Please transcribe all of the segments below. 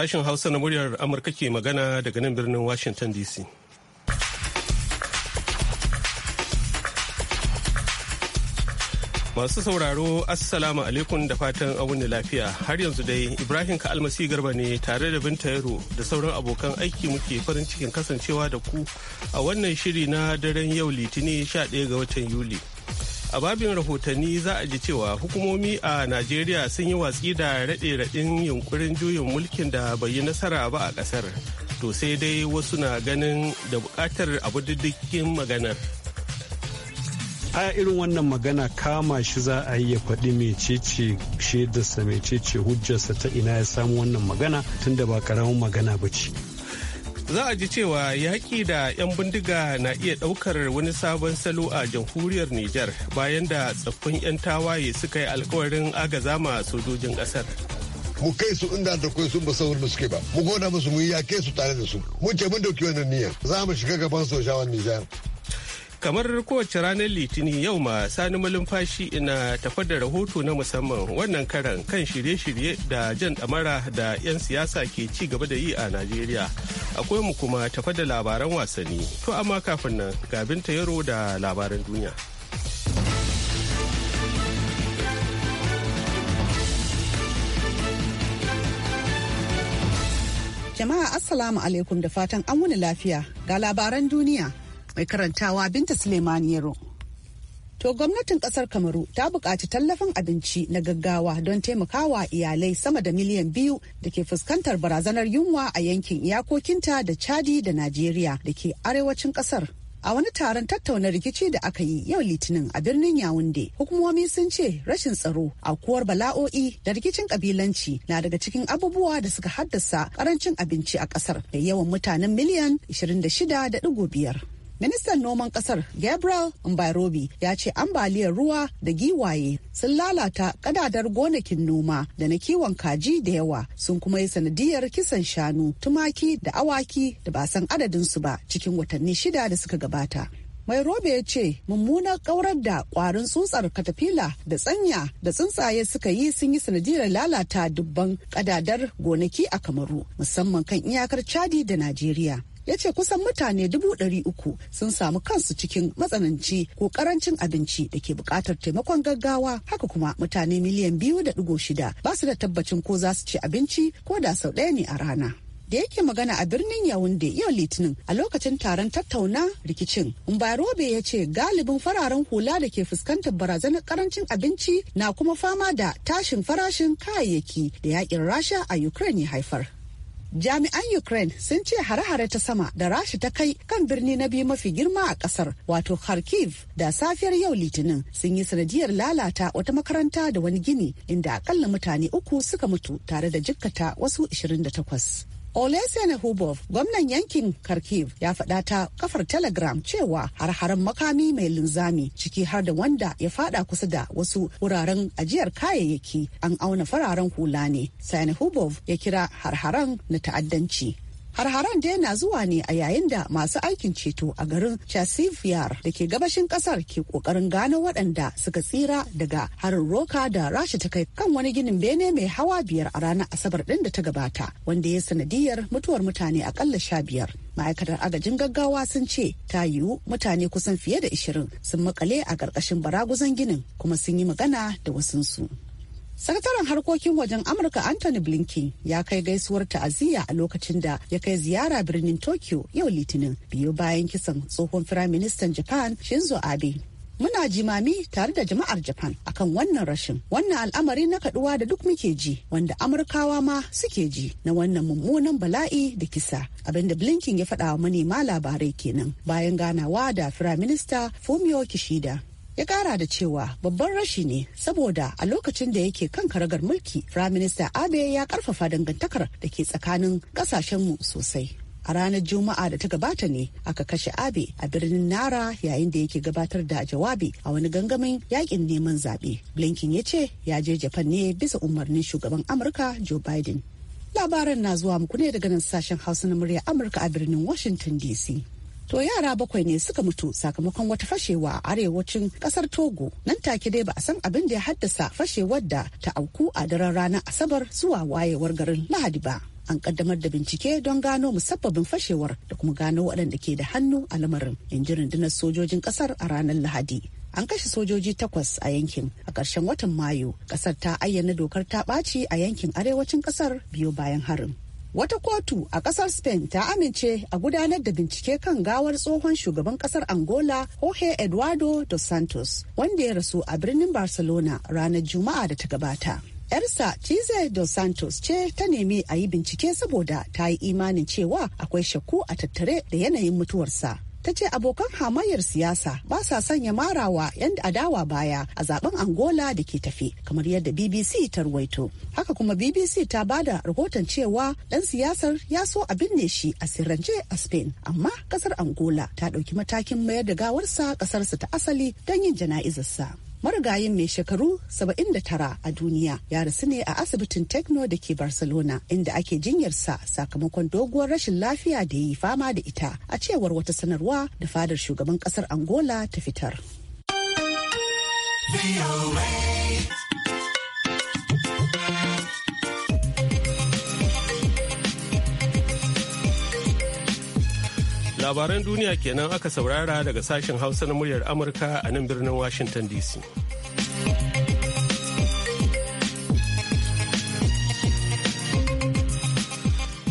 Sashen Hausa na muryar Amurka ke magana daga nan birnin Washington DC. Masu sauraro Assalamu alaikum da fatan da lafiya har yanzu dai Ibrahim Ka'almasi Garba ne tare da Binta Yaro da sauran abokan aiki muke farin cikin kasancewa da ku a wannan shiri na daren yau Litinin 11 ga watan Yuli. a babin rahotanni za a ji cewa hukumomi a najeriya sun yi watsi da raɗe-raɗin yunkurin juyin mulkin da bai yi nasara ba a ƙasar to sai dai wasu na ganin da buƙatar abu diddikin maganar a irin wannan magana kama shi za a yi ya faɗi mecece shaidarsa mecece hujjarsa ta ina ya samu wannan magana tunda ba karamin magana ba ce za a ji cewa yaƙi da 'yan bindiga na iya ɗaukar wani sabon salo a jamhuriyar Nijar bayan da tsaffin 'yan tawaye suka yi alkawarin agaza ma sojojin ƙasar. mu kai su inda da kai sun ba saurin da suke ba mu gona musu mu yi yaƙe su tare da su mu ce mun dauki wannan niyyar za mu shiga gaban sojawan Nijar kamar kowace ranar litinin yau ma sani malumfashi ina tafa da rahoto na musamman wannan karan kan shirye-shirye da jan damara da 'yan siyasa ke ci gaba da yi a najeriya akwai mu kuma tafa da labaran wasanni to amma kafin nan ga binta yaro da labaran duniya jama'a assalamu alaikum da fatan an wuni lafiya ga labaran duniya mai karantawa Binta Suleiman Yero. To gwamnatin kasar Kamaru ta bukaci tallafin abinci na gaggawa don taimakawa iyalai sama da miliyan biyu da ke fuskantar barazanar yunwa a yankin iyakokinta da Chadi da Najeriya da ke arewacin kasar. A wani taron tattauna rikici da aka yi yau Litinin a birnin Yawunde, hukumomi sun ce rashin tsaro, akuwar bala'o'i da rikicin kabilanci na daga cikin abubuwa da suka haddasa karancin abinci a kasar da yawan mutanen miliyan 26.5. Ministan noman kasar Gabriel Mbarobi ya ce ambaliyar ruwa da giwaye sun lalata kadadar gonakin noma da na kiwon kaji da yawa sun kuma yi sanadiyar kisan shanu, tumaki da awaki da ba san su ba cikin watanni shida da suka gabata. mai robe ya ce mummunar kaurar da kwarin tsutsar katafila da tsanya da tsuntsaye suka yi sun yi sanadiyar lalata dubban kadadar gonaki a kamaru musamman kan iyakar chadi da najeriya ya ce kusan mutane dubu ɗari uku sun samu kansu cikin matsananci ko karancin abinci da ke bukatar taimakon gaggawa haka kuma mutane miliyan biyu da ɗigo shida ba su da tabbacin ko za su ci abinci ko da sau ɗaya ne a rana. da yake magana a birnin Yaounde yau Litinin a lokacin taron tattauna rikicin. robe ya ce galibin fararen hula da ke fuskantar barazanar karancin abinci na kuma fama da tashin farashin kayayyaki da yakin Rasha a Ukraine ya haifar. Jami'an Ukraine sun ce hare-hare ta sama da rashi ta kai kan birni na biyu mafi girma a kasar wato Kharkiv da safiyar yau Litinin sun yi sanadiyar lalata wata makaranta da wani gini inda akalla mutane uku suka mutu tare da jikkata wasu 28. Olesen Hubov, gwamnan yankin Kharkiv, ya faɗa ta kafar Telegram cewa har-haren makami mai linzami ciki har da wanda ya fada kusa da wasu wuraren ajiyar kayayyaki an auna fararen hula ne. Sen Hubov ya kira har-haren na ta'addanci. Har-haren dai na zuwa ne a yayin da masu aikin ceto a garin Chasiviyar da ke gabashin kasar ke kokarin gano waɗanda suka tsira daga harin roka da rasha ta kai kan wani ginin bene mai hawa biyar a ranar Asabar ɗin da ta gabata wanda ya sanadiyar mutuwar mutane akalla sha biyar. Ma'aikatar agajin gaggawa sun ce ta yiwu mutane kusan fiye da ishirin sun makale a ƙarƙashin baraguzan ginin kuma sun yi magana da wasunsu. sakataren harkokin wajen amurka anthony blinken ya kai gaisuwar ta'aziyya a lokacin da ya kai ziyara birnin tokyo yau litinin biyu bayan kisan tsohon firaministan japan shinzo abe muna jimami tare da jama'ar japan akan wannan rashin wannan al'amari na kaduwa da duk muke ji wanda amurkawa ma suke ji na wannan mummunan bala'i da kisa abinda blinken ya faɗa manema labarai kenan bayan ganawa da firaminista fumio kishida ya kara da cewa babban rashi ne saboda a lokacin da yake kan karagar mulki firaminista abe ya karfafa dangantakar da ke tsakanin kasashenmu sosai a ranar juma'a da ta gabata ne aka kashe abe a birnin nara yayin da yake gabatar da jawabi a wani gangamin yakin neman zaɓe blinken ya ce ya je japan ne bisa umarnin shugaban amurka joe biden labaran na zuwa muku ne daga nan sashen hausa na murya amurka a birnin washington dc to yara bakwai ne suka mutu sakamakon wata fashewa a arewacin kasar togo nan take dai ba a san abin da ya haddasa fashewar da ta auku a daren ranar asabar zuwa wayewar garin lahadi ba an kaddamar da bincike don gano musabbabin fashewar da kuma gano waɗanda ke da hannu a lamarin in ji rundunar sojojin kasar a ranar lahadi an kashe sojoji takwas a yankin a ƙarshen watan mayu ƙasar ta ayyana dokar ta ɓaci a yankin arewacin ƙasar biyo bayan harin Wata kotu a kasar Spain ta amince a gudanar da bincike kan gawar tsohon shugaban kasar Angola Jorge Eduardo dos Santos wanda ya rasu a birnin Barcelona ranar Juma'a da ta gabata. yarsa Chize dos Santos ce ta nemi a yi bincike saboda ta yi imanin cewa akwai shakku a tattare da yanayin mutuwarsa. ta ce abokan hamayyar siyasa ba sa sanya marawa 'yan adawa baya a zaben Angola da ke tafi kamar yadda BBC ta ruwaito. Haka kuma BBC ta bada rahoton cewa ɗan siyasar ya so a binne shi a sirrance a Spain amma kasar Angola ta dauki matakin mayar da gawarsa kasarsa ta asali don yin jana'izarsa. marigayin mai shekaru 79 a duniya ya rasu ne a asibitin tecno da ke barcelona inda ake jinyarsa sakamakon doguwar rashin lafiya da ya yi fama da ita a cewar wata sanarwa da fadar shugaban kasar angola ta fitar labaran duniya kenan aka saurara daga sashen hausa na muryar amurka a nan birnin washington dc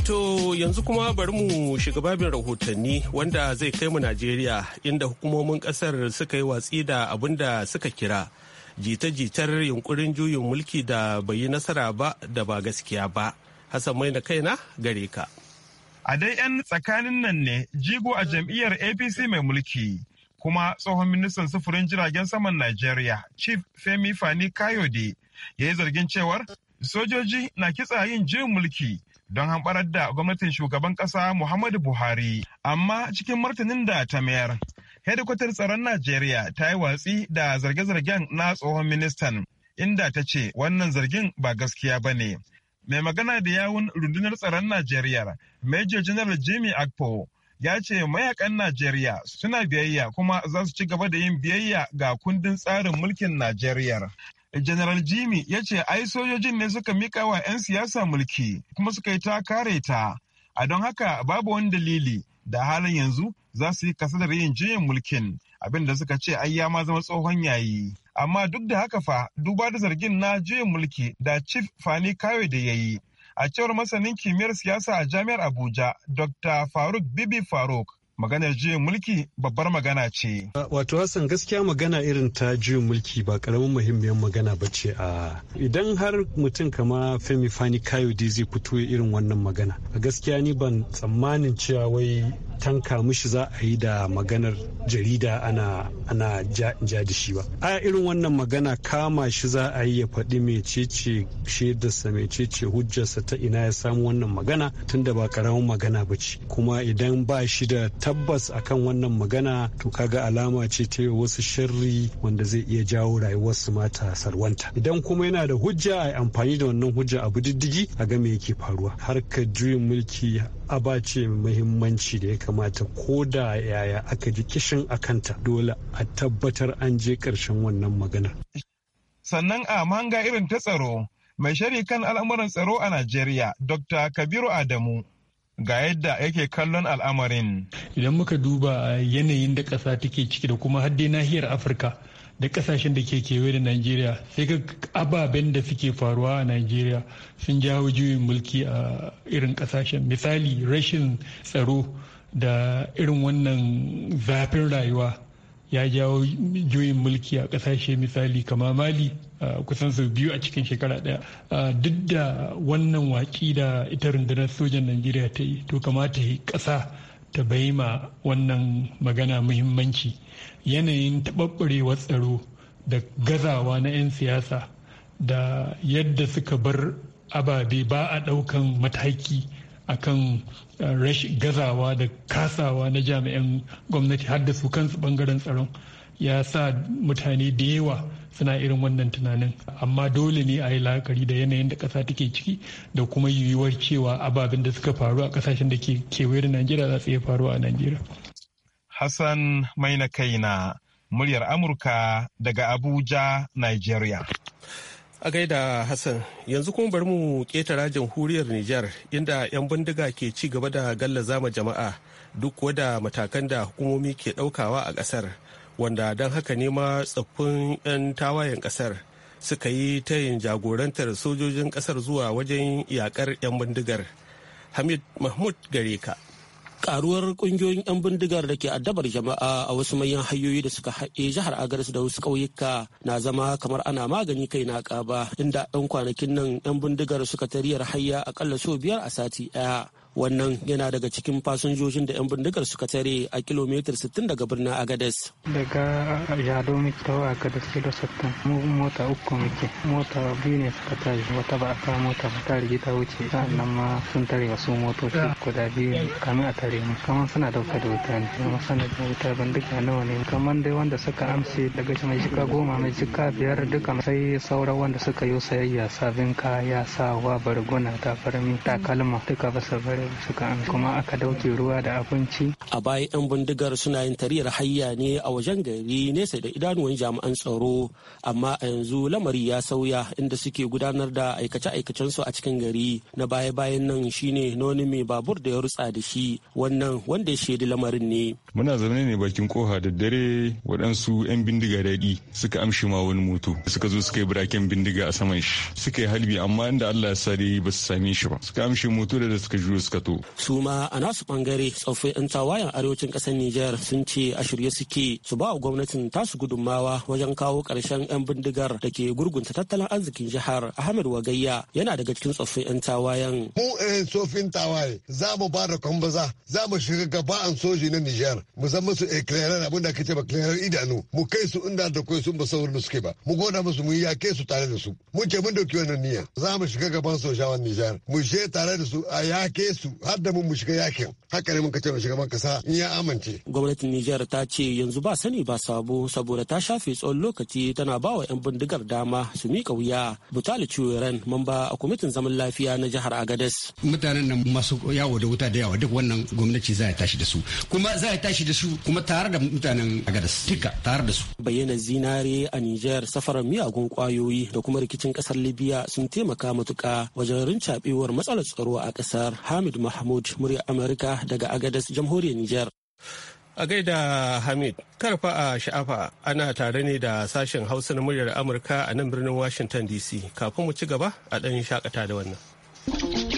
To yanzu kuma bari mu shiga babin rahotanni wanda zai kai mu Najeriya inda hukumomin kasar suka yi watsi da abin da suka kira jita-jitar yunkurin juyin mulki da bai yi nasara ba da ba gaskiya ba. Hassan mai na kaina gare ka. A dai 'yan tsakanin nan ne jigo a jam'iyyar APC mai mulki kuma tsohon ministan sufurin jiragen saman Najeriya Chief Femi Fani Kayode ya yi zargin cewar sojoji na kitsa yin jin mulki don hamɓarar da gwamnatin shugaban ƙasa Muhammadu Buhari. Amma cikin martanin da ta mayar, hedikwatar tsaron Najeriya ta yi watsi da zarge-zargen na tsohon ministan, inda ta ce wannan zargin ba gaskiya ba ne. mai magana da yawun rundunar tsaron najeriya major general jimmy akpo ya ce mayakan najeriya suna biyayya kuma za su ci gaba da yin biyayya ga kundin tsarin mulkin najeriya General Jimmy ya ce ai sojojin ne suka mika wa 'yan siyasa mulki kuma suka yi ta kare ta, a don haka babu wani dalili da halin yanzu za su yi da yin jiyan mulkin abinda suka ce ai ya ma zama tsohon yayi. amma duk da haka fa duba da zargin na juyin mulki da chief fani kawai da ya yi a cewar masanin kimiyyar siyasa a jami'ar abuja dr faruk bibi faruk maganar juyin mulki babbar magana ce. Wato Hassan gaskiya magana irin ta juyin mulki ba karamin muhimmiyar magana ba ce a idan har mutum kama Femi Fani Kayode zai fito irin wannan magana. A gaskiya ni ban tsammanin cewa wai tanka mishi za a yi da maganar jarida ana ana ja da shi ba a irin wannan magana kama shi za a yi ya faɗi mecece shaidarsa mecece hujjarsa ta ina ya samu wannan magana tunda ba karamin magana ba ce kuma idan ba shi da tabbas akan wannan magana to kaga alama ce ta wasu sharri wanda zai iya jawo rayuwarsu mata sarwanta idan kuma yana da hujja a amfani da wannan hujja abu diddigi a ga me yake faruwa harkar juyin mulki aba ce muhimmanci da ya kamata ko da yaya aka ji kishin akanta dole a tabbatar an je ƙarshen wannan magana. Sannan a manga irin ta tsaro mai shari kan al'amuran tsaro a Najeriya Dr. Kabiru Adamu. ga yadda yake kallon al'amarin. Idan muka duba yanayin da ƙasa take ciki da kuma hadde nahiyar Afirka da kasashen da ke kewaye da Najeriya sai ga ababen da suke faruwa a Najeriya sun jawo juyin mulki a irin kasashen misali rashin tsaro da irin wannan zafin rayuwa ya jawo juyin mulki a kasashe misali kama mali kusan sau biyu a cikin shekara daya duk da wannan waki da ita rundunar sojan najeriya ta yi to kamata yi kasa ta bai ma wannan magana muhimmanci yanayin taɓaɓɓarewar tsaro da gazawa na 'yan siyasa da yadda suka bar ababe ba a ɗaukan mataki akan eh, gazawa da kasawa na jami'an gwamnati har da su kansu ɓangaren tsaron ya sa mutane da yawa suna irin wannan tunanin amma dole ne a yi la'akari da yanayin da ƙasa take ciki da kuma yiwuwar cewa ababen da suka faru a kasashen da ke kewaye da najeriya za su iya faruwa a najeriya hassan mai na kaina muryar amurka daga abuja nigeria a gaida hassan yanzu kuma bari mu ƙetara jamhuriyar niger inda 'yan bindiga ke ci gaba da gallaza ma jama'a duk kuwa matakan da hukumomi ke daukawa a kasar wanda don haka ne ma tsaffin 'yan tawayen kasar suka yi tayin jagorantar sojojin kasar zuwa wajen yakar 'yan bindigar hamid mahmud gare ka karuwar kungiyoyin 'yan bindigar da ke addabar jama'a a wasu manyan hanyoyi da suka haɗe jihar agaris da wasu ƙauyuka na zama kamar ana magani kai na ƙaba inda 'yan kwanakin nan 'yan bindigar suka tariyar hayya akalla sau biyar a sati ɗaya wannan yana daga cikin fasinjojin da 'yan bindigar suka tare a kilomitar 60 daga birnin agades daga yado mita tawo agades kilo 60 mu mota uku muke mota biyu ne suka tare wata ba a sa mota ba ta rigi ta wuce sannan ma sun tare wasu motoci guda biyu ne kamin a tare mu kamar suna dauka da wuta ne kuma suna da wuta bindiga nawa ne kamar dai wanda suka amse daga mai shiga goma mai shiga biyar duka sai sauran wanda suka yi sayayya sabin kaya sawa barguna tafarmi takalma duka ba su bari suka an kuma aka dauke ruwa da abinci. A baya 'yan bindigar suna yin tariyar hayya ne a wajen gari nesa da idanuwan jami'an tsaro amma a yanzu lamari ya sauya inda suke gudanar da aikace-aikacensu a cikin gari na baya-bayan nan shine noni mai babur da ya rutsa da shi wannan wanda ya shaidi lamarin ne. Muna zaune ne bakin koha da dare waɗansu 'yan bindiga daɗi suka amshi ma wani moto suka zo suka yi biraken bindiga a saman shi suka yi halbi amma inda Allah ya sa dai ba su same shi ba suka amshi moto da suka juyo Fuskatu. Su ma a nasu bangare tsoffin 'yan tawayen arewacin kasar Nijar sun ce a shirye suke su ba wa gwamnatin tasu gudunmawa wajen kawo karshen 'yan bindigar da ke gurgunta tattalin arzikin jihar Ahmed Wagayya yana daga cikin tsoffin 'yan tawayen. Mu ɗayan eh, tsoffin tawaye za mu ba da kwambaza za mu shiga gaba an soji na Nijar mu zama su eclairer abin da ake ce idanu mu kai su inda da kai sun ba saurin da suke ba mu goda musu mu yake su tare da su mu ce mun dauki wannan niyya za mu shiga gaban sojawan Nijar mu je tare da su a yake su har da mun mu shiga yakin haka ne mun ka ce shugaban kasa in ya amince. Gwamnatin Nijar ta ce yanzu ba sani ba sabo saboda ta shafe tsawon lokaci tana ba wa 'yan bindigar dama su miƙa wuya. Butali Ciweren mamba a kwamitin zaman lafiya na jihar Agadez. Mutanen nan masu yawo da wuta da yawa duk wannan gwamnati za ya tashi da su kuma za ya tashi da su kuma tare da mutanen Agadez duka tare da su. Bayyana zinare a Nijar safarar miyagun kwayoyi da kuma rikicin kasar Libya sun taimaka matuka wajen rincaɓewar matsalar tsaro a kasar Hamid Hamid Mahmud murya Amerika daga Agadas jamhuriyar Nijar. A gaida Hamid, karfa a sha'afa ana tare ne da sashen Hausa na muryar Amurka a nan birnin Washington DC. Kafin mu ci gaba a ɗan shakata da wannan.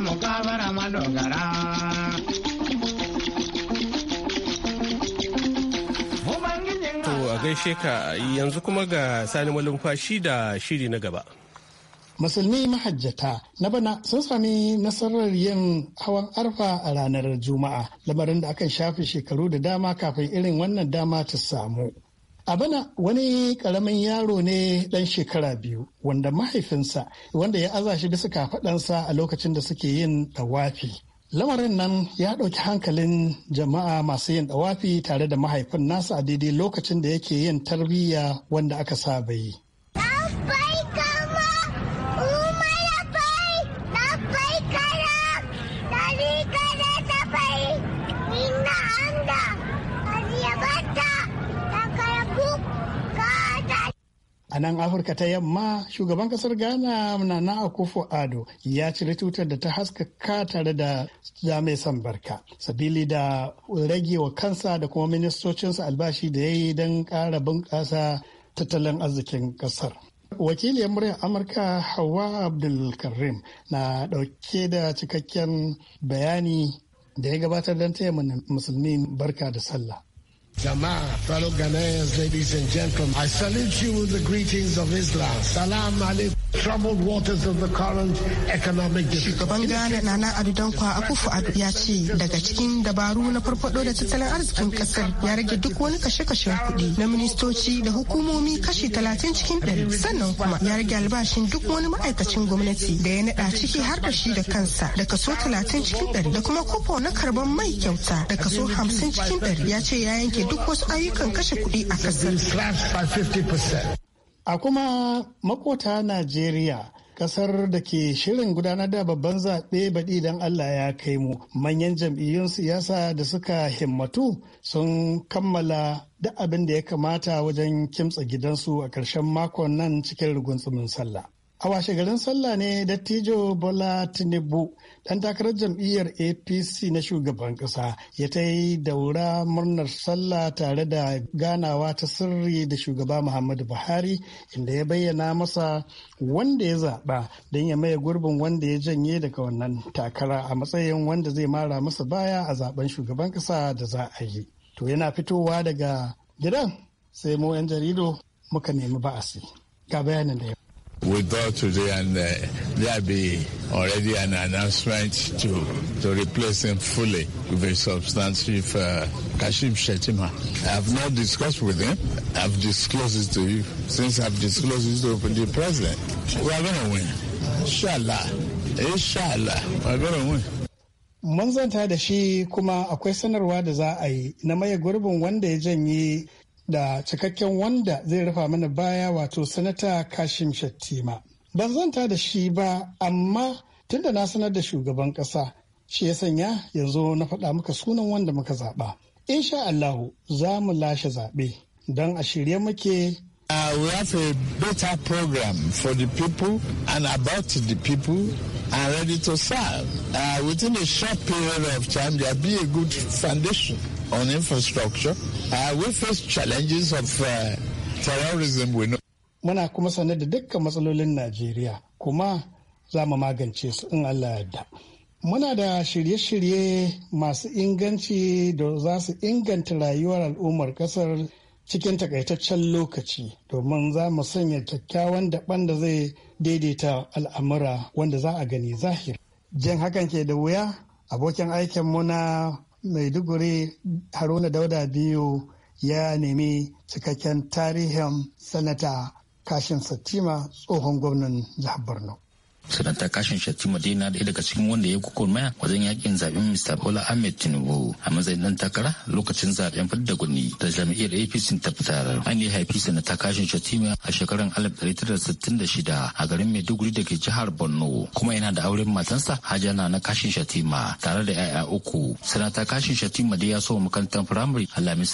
mu To a gaishe ka yanzu kuma ga sani malumfashi da shiri na gaba. musulmi mahajjata na bana sun sami nasarar yin hawan arfa a ranar juma'a lamarin da akan shafi shekaru da dama kafin irin wannan dama ta samu A bana wani karamin yaro ne ɗan shekara biyu wanda mahaifinsa wanda ya aza shi bisa kafaɗansa a lokacin da suke yin ɗawafi. Lamarin nan ya ɗauki hankalin jama'a masu yin ɗawafi tare da mahaifin nasa a daidai lokacin da yake yin tarbiyya wanda aka saba yi. nan Afirka ta yamma shugaban kasar Ghana Nana Akufo Ado ya cire tutar da ta haskaka tare da jami'ai san barka. Sabili da rage wa kansa da kuma ministocinsa albashi da ya yi don ƙara bunƙasa tattalin arzikin ƙasar. Wakiliyar muryar Amurka Hawa Abdulkarim na ɗauke da cikakken bayani da ya gabatar don taya musulmi barka da sallah. Jama'a, fellow Ghanaians, ladies and gentlemen, I salute you with the greetings of Islam. Salam alaikum. Troubled waters of the current economic Shugaban Ghana na na Adudankwa Akufu Adu ya ce daga cikin dabaru na farfado da tattalin arzikin kasar ya rage duk wani kashe-kashen kuɗi na ministoci da hukumomi kashi talatin cikin ɗari sannan kuma ya rage albashin duk wani ma'aikacin gwamnati da ya naɗa ciki har da shi da kansa da kaso talatin cikin ɗari da kuma kofo na karban mai kyauta da kaso hamsin cikin ɗari ya ce ya yanke duk wasu ayyukan kashe kuɗi a kasar. A kuma makota Najeriya kasar da ke shirin gudanar da babban zaɓe baɗi don Allah ya kai mu manyan jam'iyyun siyasa da suka himmatu sun kammala duk abin da ya kamata wajen kimtsa gidansu a ƙarshen makon nan cikin tsumin sallah. A washe garin sallah ne dattijo Bola Tinubu ɗan takarar jam'iyyar APC na shugaban ƙasa ya ta yi daura murnar sallah tare da ganawa ta sirri da shugaba Muhammadu Buhari inda ya bayyana masa wanda ya zaɓa don ya maye gurbin wanda ya janye daga wannan takara a matsayin wanda zai mara masa baya a zaben shugaban ƙasa da za a yi. To yana fitowa daga gidan sai mu 'yan jarido muka nemi ba'asi. Ga bayanin da ya We thought today and uh, there be already an announcement to, to replace him fully with a substantive uh, Kashim Shetima. I have not discussed with him. I've disclosed it to you. Since I've disclosed it to the president, we are going to win. Inshallah. Inshallah. We are going to win. Mun zanta da shi kuma akwai sanarwa da za a yi na maye gurbin wanda ya janye da cikakken wanda zai rufa mana baya wato sanata kashim shattima ban zanta da shi ba amma tunda na sanar da shugaban kasa shi ya sanya yanzu na faɗa maka sunan wanda muka zaɓa in sha allahu za mu lashe zaɓe don a shirye muke Uh, we have a better program for the people and about the people and ready to serve. Uh, within a short period of time, there'll be a good foundation on infrastructure. Uh, we face challenges of uh, terrorism. We know. Muna kuma sanar da dukkan matsalolin Najeriya kuma za mu magance su in Allah yadda. Muna da shirye-shirye masu inganci da za su inganta rayuwar al'ummar kasar cikin takaitaccen lokaci domin za mu sanya kyakkyawan daban da zai daidaita al'amura wanda za a gani zahir Jin hakan ke da wuya abokin aikinmu na maiduguri haruna dauda biyu ya nemi cikakken tarihin sanata kashin satima tsohon gwamnan jihar borno sanata kashin shatima madina ɗaya daga cikin wanda ya maya wajen yakin zaben mr bola ahmed tinubu a matsayin dan takara lokacin zaben fidda guni da jami'ar apc ta fitar an yi haifi sanata kashin shatima a shekarar alif 1966 a garin maiduguri da ke jihar borno kuma yana da auren matansa hajjana na kashin shatima tare da 'ya'ya uku sanata kashin shatima dai ya so makarantar firamare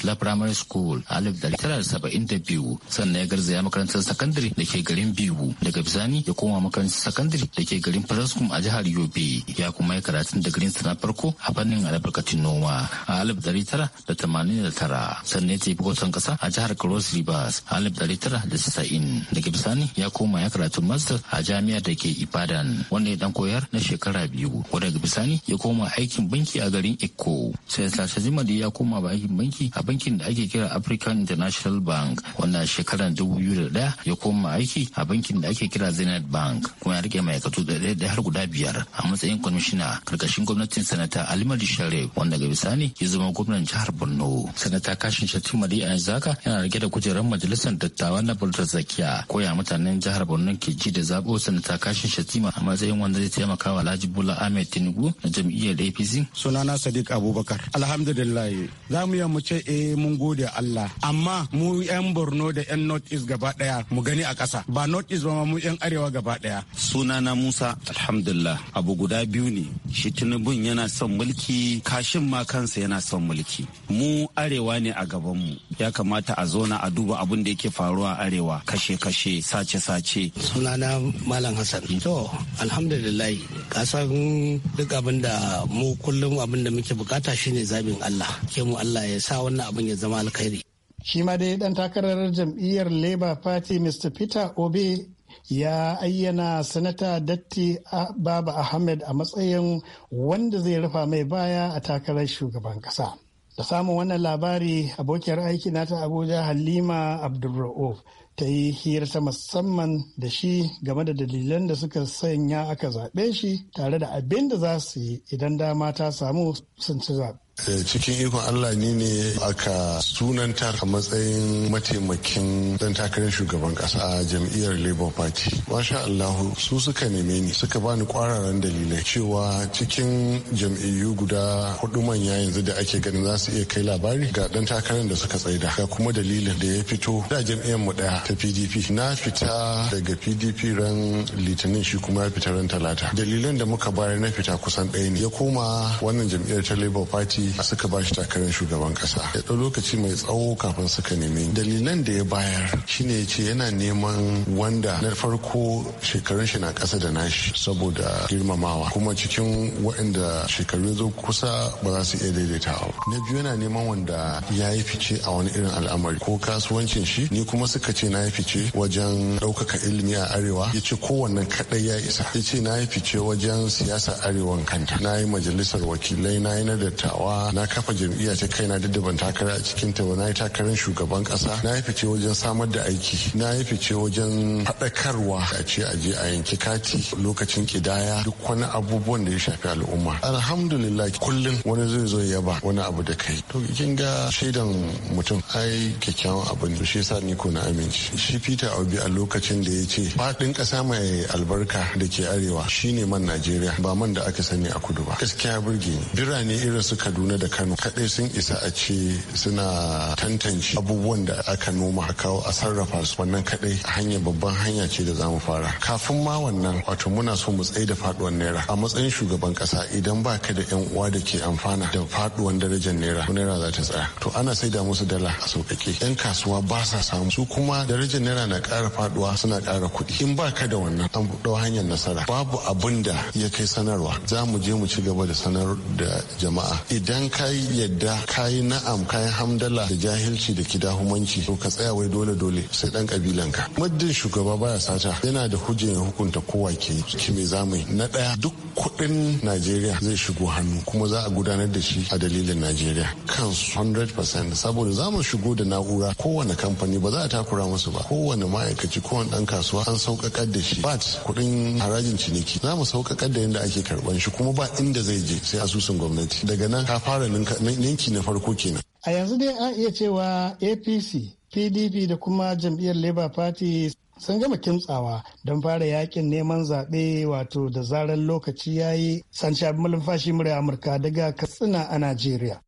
la primary school a 1972 sannan ya garzaya makarantar sakandare da ke garin biyu daga bisani ya koma makarantar sakandare da ke garin Fataskum a jihar Yobe ya kuma yi karatun da garin na farko a fannin albarkacin noma a alif dari tara da tamanin da tara sannan ya tafi kwatan kasa a jihar Cross Rivers a alif dari tara da sasa'in daga bisani ya koma ya karatun master a jami'ar da ke Ibadan wanda ya dan koyar na shekara biyu wanda daga bisani ya koma aikin banki a garin Eko sai Sashazima da ya koma ba aikin banki a bankin da ake kira African International Bank wanda shekarar 2001 ya koma aiki a bankin da ake kira Zenith Bank kuma ya rike mai ma'aikatu da har guda biyar a matsayin kwamishina karkashin gwamnatin sanata madi share wanda ga bisani ya zama gwamnan jihar borno sanata kashin shatimari a zaka yana rage da kujerar majalisar dattawa na birnin zakiya koya mutanen jihar borno ke ji da zaɓo sanata kashin shatima a matsayin wanda zai taimaka wa alhaji bola ahmed tinubu na jam'iyyar apc sunana sadiq abubakar alhamdulillah za mu yi mu ce eh mun gode allah amma mu yan borno da yan north east gaba daya mu gani a ƙasa ba north east ba mu yan arewa gaba daya suna sunana Musa alhamdulillah abu guda biyu ne shi tunubun yana son mulki kashin ma kansa yana son mulki mu arewa ne a gabanmu ya kamata a zona a duba abin da yake faruwa arewa kashe-kashe sace-sace sunana malam hassan to alhamdulillah kasan duk abin da mu kullum abin da muke bukata shine zabin Allah ke mu Allah ya sa wannan abin ya zama alkhairi shi ma dai dan takarar jam'iyyar labour party mr peter obe ya ayyana sanata datti baba ahmed a matsayin wanda zai rufa mai baya a takarar shugaban kasa da samun wannan labari abokiyar aiki na ta abuja halima abdulra'uf ta yi hira ta musamman da shi game da dalilan da suka sanya aka zaɓe shi tare da abin da za su yi idan dama ta samu sun ci zaɓe cikin ikon allah ni ne aka sunanta a matsayin mataimakin dan takarar shugaban kasa a jam'iyyar labour party masha allahu su suka neme ni suka bani kwararan dalilai cewa cikin jam'iyyu guda hudu manya yanzu da ake ganin za su iya kai labari ga dan takarar da suka tsaida ga kuma dalilin da ya fito da jam'iyyar mu daya ta pdp na fita daga pdp ran litinin shi kuma ya fita ran talata dalilan da muka bayar na fita kusan ɗaya ne ya koma wannan jam'iyyar ta labour party a suka bashi takarar shugaban kasa ya ɗau lokaci mai tsawo kafin suka nemi dalilan da ya bayar shine ya ce yana neman wanda na farko shekarun shi na kasa da nashi saboda girmamawa kuma cikin waɗanda shekaru zo kusa ba za su iya daidaitawa na biyu yana neman wanda ya yi fice a wani irin al'amari ko kasuwancin shi ni kuma suka ce na yi fice wajen ɗaukaka ilimi a arewa ya ce kowanne kaɗai ya isa ya ce na yi fice wajen siyasa arewan kanta na yi majalisar wakilai na yi na dattawa na kafa jam'iyya ta kaina duk da ban takara a cikin ta na yi takarar shugaban kasa na yi fice wajen samar da aiki na yi fice wajen faɗakarwa a ce a je a yanki kati lokacin kidaya duk wani abubuwan da ya shafi al'umma alhamdulillah kullum wani zai zo ya ba wani abu da kai to kin ga shaidan mutum ai kyakkyawan abu ne shi yasa ni ko na aminci shi Peter Obi a lokacin da ya ce faɗin ƙasa mai albarka da ke arewa shine man Najeriya ba man da aka sani a kudu ba gaskiya burge ni birane irin su Kaduna kaduna da kano kaɗai sun isa a ce suna tantance abubuwan da aka noma a kawo a sarrafa su wannan kaɗai hanyar babban hanya ce da za mu fara kafin ma wannan wato muna so mu tsaye da faduwar naira a matsayin shugaban kasa idan ba ka da yan uwa da ke amfana da faduwar darajar naira naira za ta tsaya to ana saida musu dala a sauƙaƙe yan kasuwa ba sa samu su kuma darajar naira na ƙara faduwa suna ƙara kuɗi in ba ka da wannan an buɗo hanyar nasara babu abin da ya kai sanarwa za mu je mu ci gaba da sanar da jama'a idan idan ka yi yadda ka yi na'am ka yi hamdala da jahilci da kidahumanci to ka tsaya wai dole dole sai dan kabilan ka. muddin shugaba baya sata yana da hujjin hukunta kowa ke ki mai zamani na daya duk kudin najeriya zai shigo hannu kuma za a gudanar da shi a dalilin najeriya kan 100% saboda za mu shigo da na'ura kowane kamfani ba za a takura musu ba kowane ma'aikaci kowane dan kasuwa an sauƙaƙar da shi bat kudin harajin ciniki za mu sauƙaƙar da yadda ake karban shi kuma ba inda zai je sai asusun gwamnati daga nan fara ninki na farko kenan a yanzu dai an iya cewa apc pdp da kuma jam'iyyar labour party sun gama kimtsawa don fara yakin neman zaɓe wato da zarar lokaci ya yi sanci malumfashi murya amurka daga katsina a najeriya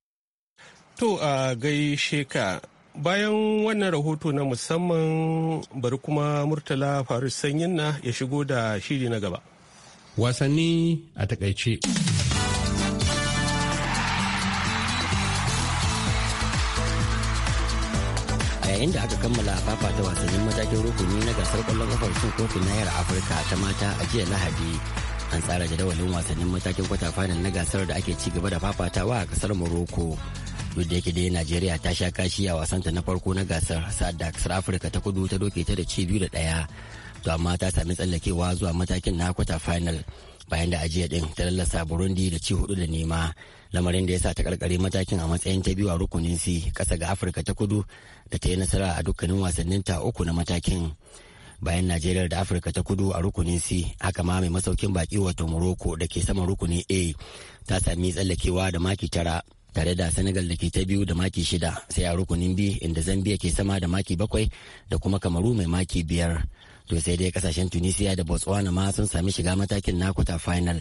to a gaishe ka bayan wannan rahoto na musamman bari kuma murtala faru sanyin na ya shigo da shiri na gaba wasanni a takaice yayin da aka kammala a fafata wasannin matakin rukuni na gasar kwallon kafar cin kofin nahiyar afirka ta mata a jiya lahadi an tsara jadawalin wasannin matakin kwata final na gasar da ake ci gaba da fafatawa a kasar morocco duk da yake dai najeriya ta sha kashi a wasanta na farko na gasar sa'ad da kasar afirka ta kudu ta doke ta da ci biyu da ɗaya to amma ta sami tsallakewa zuwa matakin na kwata final bayan da ajiya din ta lallasa burundi da ci hudu da nema lamarin da ya sa ta karkare matakin a matsayin ta biyu a rukunin C kasa ga Afirka ta kudu da ta yi nasara a dukkanin wasannin ta uku na matakin. Bayan Najeriya da Afirka ta kudu a rukunin si haka ma mai masaukin baki wato Morocco da ke saman rukunin A ta sami tsallakewa da maki tara tare da Senegal da ke ta biyu da maki shida sai a rukunin B inda Zambia ke sama da maki bakwai da kuma Kamaru mai maki biyar. to sai dai kasashen tunisia da botswana ma sun sami shiga matakin na final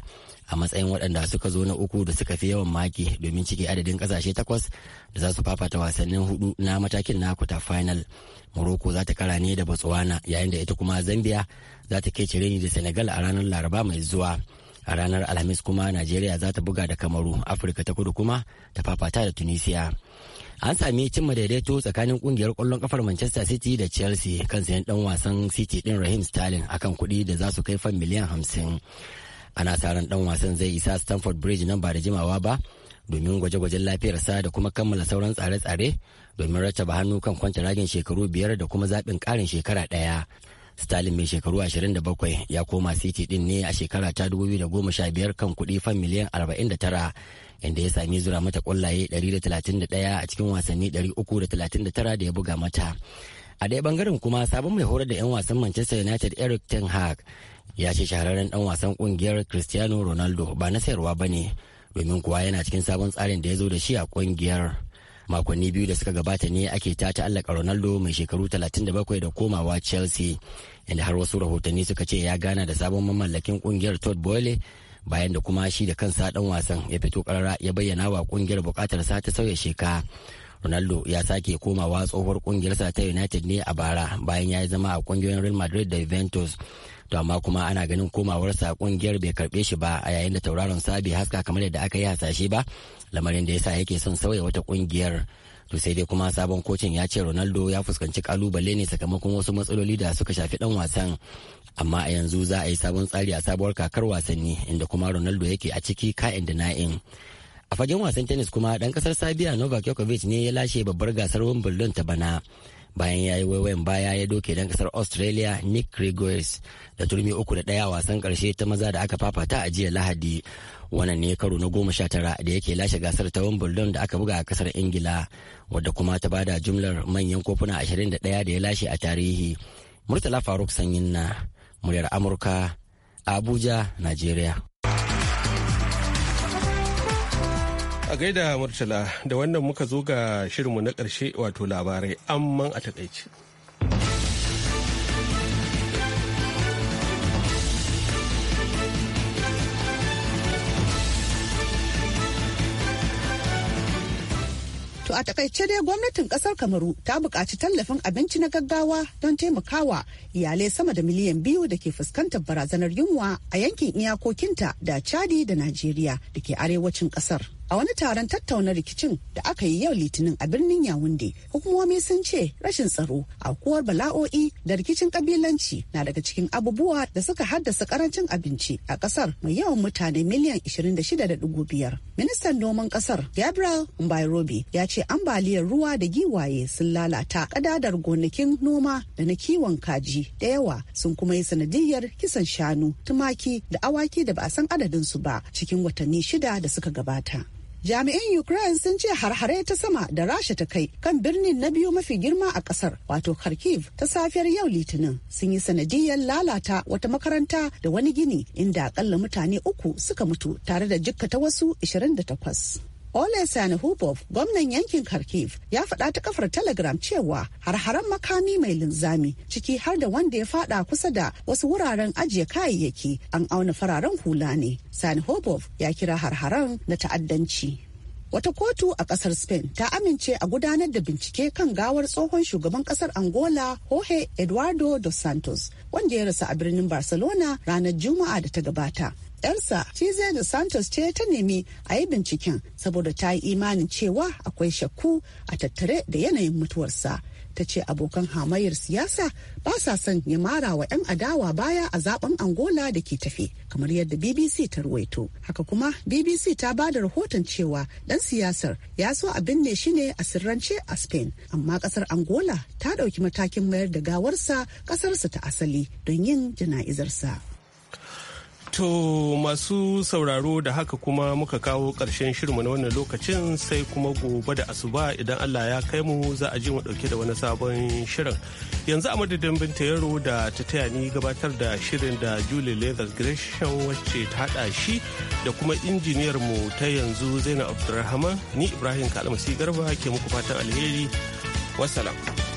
a matsayin waɗanda suka zo na uku da suka fi yawan maki domin cike adadin kasashe takwas da za su fafata wasannin hudu na matakin nakuta final morocco za ta kara ne da botswana yayin da ita kuma zambia za ta kai ni da senegal a ranar laraba mai zuwa a ranar alhamis kuma najeriya za ta buga da kamaru afirka ta kudu kuma ta fafata da tunisia an sami cimma daidaito tsakanin kungiyar kwallon kafar manchester city da chelsea kan sayan dan wasan city din rahim sterling akan kuɗi da za su kai fan miliyan hamsin ana sa dan wasan zai isa stamford bridge nan ba da jimawa ba domin gwaje-gwajen lafiyarsa da kuma kammala sauran tsare-tsare domin rattaba hannu kan ragin shekaru biyar da kuma zaɓin ƙarin shekara ɗaya Stalin mai shekaru 27 ya koma City din ne a shekara ta 2015 kan kuɗi fan miliyan 49 inda ya sami zura mata kwallaye 131 a cikin wasanni 339 da ya buga mata. A ɗaya bangaren kuma sabon mai horar da 'yan wasan Manchester United Eric Ten Hag ya ce shahararren ɗan wasan ƙungiyar Cristiano Ronaldo ba na sayarwa ba ne domin kuwa yana cikin sabon tsarin da ya zo da shi a ƙungiyar. makonni biyu da suka gabata ne ake ta ta'allaka ronaldo mai shekaru 37 da komawa chelsea inda har wasu rahotanni suka ce ya gana da sabon mamallakin kungiyar todd boyle bayan da kuma shi da kansa dan wasan ya fito karara ya bayyana wa kungiyar bukatar sa ta sauya sheka ronaldo ya sake komawa tsohuwar kungiyarsa ta united ne a bara bayan ya zama a kungiyoyin real madrid da juventus to amma kuma ana ganin komawarsa kungiyar bai karbe shi ba a yayin da tauraron sa bai haska kamar yadda aka yi hasashe ba lamarin da yasa yake son sauya wata kungiyar to sai dai kuma sabon kocin ya ce ronaldo ya fuskanci kalubale ne sakamakon wasu matsaloli da suka shafi dan wasan amma a yanzu za a yi sabon tsari a sabuwar kakar wasanni inda kuma ronaldo yake a ciki ka'in da na'in a fagen wasan tennis kuma dan kasar sabiya novak djokovic ne ya lashe babbar gasar wimbledon ta bana bayan ya yi waiwayin baya ya doke dan kasar australia nick Gregoris da turmi uku da ɗaya wasan karshe ta maza da aka fafata a jiya lahadi wannan ne karo na goma sha tara da yake lashe gasar ta wimbledon da aka buga a kasar ingila wadda kuma ta bada jumlar manyan kofuna ashirin da ɗaya da ya lashe a tarihi murtala faruk sanyin na muryar amurka abuja nigeria A gaida Murtala da wannan muka zo ga shirinmu na ƙarshe wato labarai amman a takaici. To a takaice dai gwamnatin kasar Kamaru ta buƙaci tallafin abinci na gaggawa don taimakawa iyalai sama da miliyan biyu da ke fuskantar barazanar yunwa a yankin iyakokinta da Chadi da Najeriya da ke arewacin ƙasar. a wani taron tattauna rikicin da aka yi yau litinin a birnin yawunde hukumomi sun ce rashin tsaro a aukuwar bala'o'i da rikicin kabilanci na daga cikin abubuwa da suka haddasa karancin abinci a kasar mai yawan mutane miliyan 26.5 ministan noman kasar gabriel mbairobi ya ce ambaliyar ruwa da giwaye sun lalata kadadar gonakin noma da na kiwon kaji da yawa sun kuma yi sanadiyar kisan shanu tumaki da awaki da ba a san adadinsu ba cikin watanni shida da suka gabata jami'an ukraine sun ce harhare ta sama da rasha ta kai kan birnin na biyu mafi girma a kasar wato kharkiv ta safiyar yau litinin sun yi sanadiyar lalata wata makaranta da wani gini inda akalla mutane uku suka mutu tare da ta wasu 28 Ole Sani Hubov, gwamnan yankin Kharkiv, ya faɗa ta kafar Telegram cewa har makami mai linzami ciki har da wanda ya faɗa kusa da wasu wuraren ajiye kayayyaki an auna fararen hula ne. Sani Hubov ya kira har na ta'addanci. Wata kotu a ƙasar Spain ta amince a gudanar da bincike kan gawar tsohon shugaban ƙasar Angola Jorge Eduardo dos Santos wanda ya rasa a birnin Barcelona ranar Juma'a da ta gabata. yarsa cize da santos ce ta nemi a yi binciken saboda ta yi imanin cewa akwai shakku a tattare da yanayin mutuwarsa ta ce abokan hamayar siyasa ba sa son ya mara wa 'yan adawa baya a zaben angola da ke tafi kamar yadda bbc ta ruwaito haka kuma bbc ta ba da rahoton cewa dan siyasar ya so a binne shi ne a sirrance a spain amma kasar angola ta ɗauki matakin mayar da gawarsa kasarsa ta asali don yin jana'izarsa. To masu sauraro da haka kuma muka kawo ƙarshen shirinmu na wannan lokacin sai kuma gobe da asuba idan Allah ya kai mu za a ji mu ɗauke da wani sabon shirin. Yanzu a madadin Binta Yaro da ta taya ni gabatar da shirin da Julie Leathers Gresham wacce ta haɗa shi da kuma injiniyar mu ta yanzu Zainab Abdulrahman ni Ibrahim Kalmasi Garba ke muku fatan alheri. Wassalam.